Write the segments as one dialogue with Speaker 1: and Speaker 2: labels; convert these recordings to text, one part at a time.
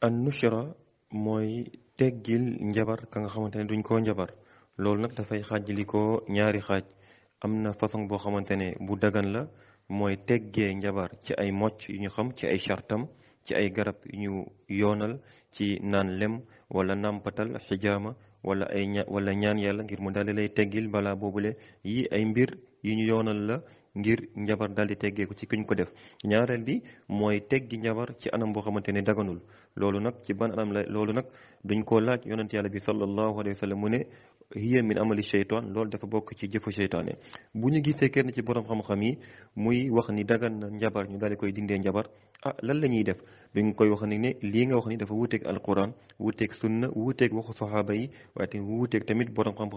Speaker 1: an nushra mooy teggil njabar ka nga xamante ne duñ koo njabar loolu nag dafay xaajali ko ñaari xaaj am na façon boo xamante ne bu dagan la mooy teggee njabar ci ay mocc yu ñu xam ci ay chartam ci ay garab yu ñu yoonal ci naan lem wala nàmpatal xijaama wala ay ña wala ñaan yàlla ngir mu daldi lay teggil balaa boobule yi ay mbir yi ñu yoonal la ngir njabar daldi teggeeku ci kuñ ko def ñaareel bi mooy teggi njabar ci anam boo xamante ne daganul loolu nag ci ban anam loolu nag duñ ko laaj yonent yàlla bi sallallahu alayhi wa mu ne hiya min amali seytaan loolu dafa bokk ci jëfu seytaane bu ñu gisee kenn ci borom xam-xam yi muy wax ni dagan na njabar ñu daal koy dindee njabar ah lan la ñuy def bi nga koy wax ni ne lii nga wax ni dafa wuuteeg alquran wuuteeg sunna wuuteeg waxu saxaaba yi waaye tamit wuuteeg tamit borom xam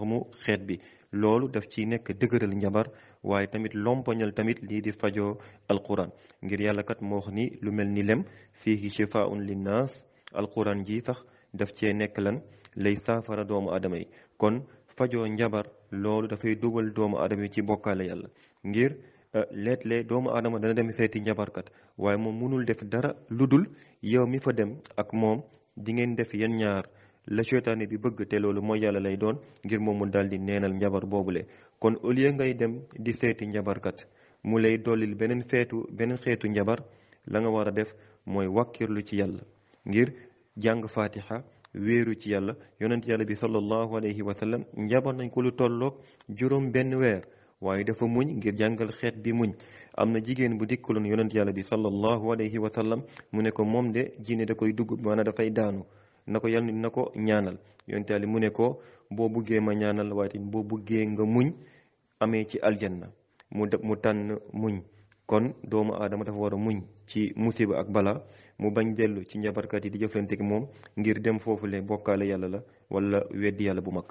Speaker 1: xeet bi loolu daf ci nekk dëgëral njabar waaye tamit lompoñal tamit lii di fajoo alquran ngir yàlla kat moo wax ni lu mel ni lem fiihi shifaa'un linnaas alquran ji sax daf cee nekk lan lay saafara doomu adama yi kon fajoo njabar loolu dafay dugal doomu adama yi ci bokkaale yàlla ngir euh, léeg-léeg doomu aadama dana dem seeti njabarkat waaye moom mënul def dara lu dul yow mi fa dem ak moom di ngeen def yan ñaar la seytaane bi bëgg te loolu mooy yàlla lay doon ngir moom mu daal di neenal njabar boobule kon au lieu ngay dem di seeti njabarkat mu lay dollil beneen feetu beneen xeetu njabar la nga war a def mooy wàkkirlu ci yàlla ngir jàng fatiha wéeru ci yàlla yonent yàlla bi sallallahu alayhi wa sallam njaboot nañ ko lu tolloog juróom benn weer waaye dafa muñ ngir jàngal xeet bi muñ am na jigéen bu dikkaloon yonent yàlla bi sallallahu alayhi wa sallam mu ne ko moom de jiine da koy dugg maanaam dafay daanu na ko yàlla na ko ñaanal yonent yàlla mu ne ko boo buggee ma ñaanal waaye tamit boo buggee nga muñ amee ci aljanna mu mu tànn muñ kon doomu aadama dafa war muñ ci musiba ak bala mu bañ dellu ci njabarkat yi di jëflante ak moom ngir dem foofu foofule bokkaale yàlla la wala weddi yàlla bu mag